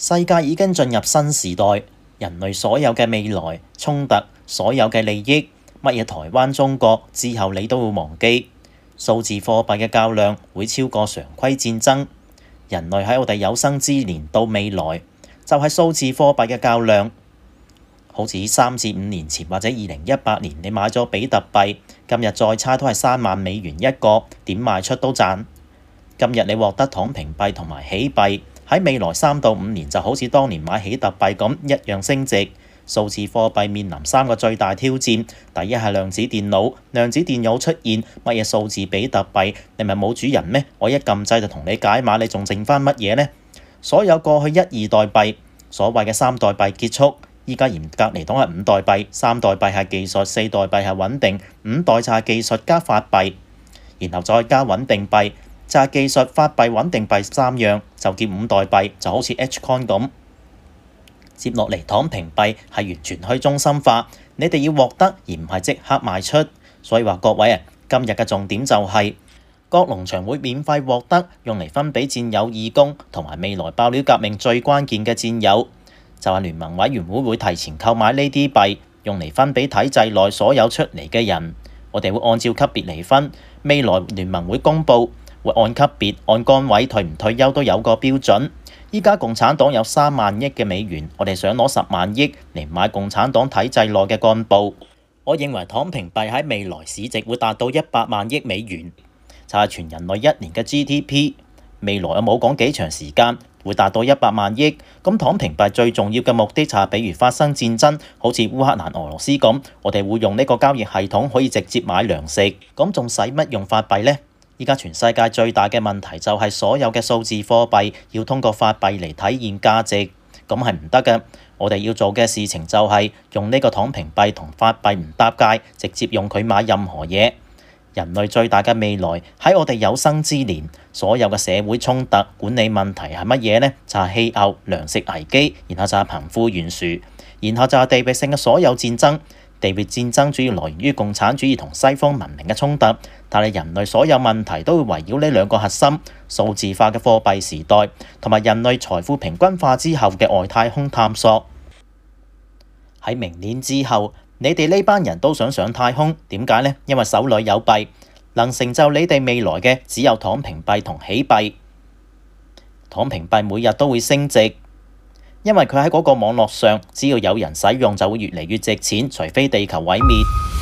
世界已經進入新時代，人類所有嘅未來衝突，所有嘅利益，乜嘢台灣中國之後你都會忘記。數字貨幣嘅較量會超過常規戰爭。人類喺我哋有生之年到未來就係、是、數字貨幣嘅較量，好似三至五年前或者二零一八年，你買咗比特幣，今日再差都係三萬美元一個，點賣出都賺。今日你獲得躺平幣同埋起幣。喺未來三到五年就好似當年買比特幣咁一樣升值。數字貨幣面臨三個最大挑戰：第一係量子電腦，量子電腦出現，乜嘢數字比特幣你咪冇主人咩？我一撳掣就同你解碼，你仲剩翻乜嘢呢？所有過去一二代幣，所謂嘅三代幣結束，依家嚴格嚟講係五代幣。三代幣係技術，四代幣係穩定，五代就係技術加法幣，然後再加穩定幣。就係技術、發幣、穩定幣，三樣就叫五代幣，就好似 HCoin 咁。接落嚟躺平幣係完全去中心化，你哋要獲得，而唔係即刻賣出。所以話各位啊，今日嘅重點就係各農場會免費獲得，用嚟分俾戰友、義工，同埋未來爆料革命最關鍵嘅戰友就係聯盟委員會會提前購買呢啲幣，用嚟分俾體制內所有出嚟嘅人。我哋會按照級別嚟分，未來聯盟會公佈。按級別、按崗位退唔退休都有個標準。依家共產黨有三萬億嘅美元，我哋想攞十萬億嚟買共產黨體制內嘅幹部。我認為躺平幣喺未來市值會達到一百萬億美元，就係全人類一年嘅 GDP。未來有冇講幾長時間會達到一百萬億，咁躺平幣最重要嘅目的就係，比如發生戰爭，好似烏克蘭、俄羅斯咁，我哋會用呢個交易系統可以直接買糧食，咁仲使乜用法幣呢？而家全世界最大嘅問題就係所有嘅數字貨幣要通過法幣嚟體現價值，咁係唔得嘅。我哋要做嘅事情就係用呢個躺平幣同法幣唔搭界，直接用佢買任何嘢。人類最大嘅未來喺我哋有生之年，所有嘅社會衝突管理問題係乜嘢呢？就係氣候、糧食危機，然後就係貧富懸殊，然後就係地域性嘅所有戰爭。地域戰爭主要來源於共產主義同西方文明嘅衝突，但係人類所有問題都會圍繞呢兩個核心：數字化嘅貨幣時代同埋人類財富平均化之後嘅外太空探索。喺明年之後，你哋呢班人都想上太空，點解呢？因為手裏有幣，能成就你哋未來嘅只有躺平幣同喜幣。躺平幣每日都會升值。因為佢喺嗰個網絡上，只要有人使用，就會越嚟越值錢，除非地球毀滅。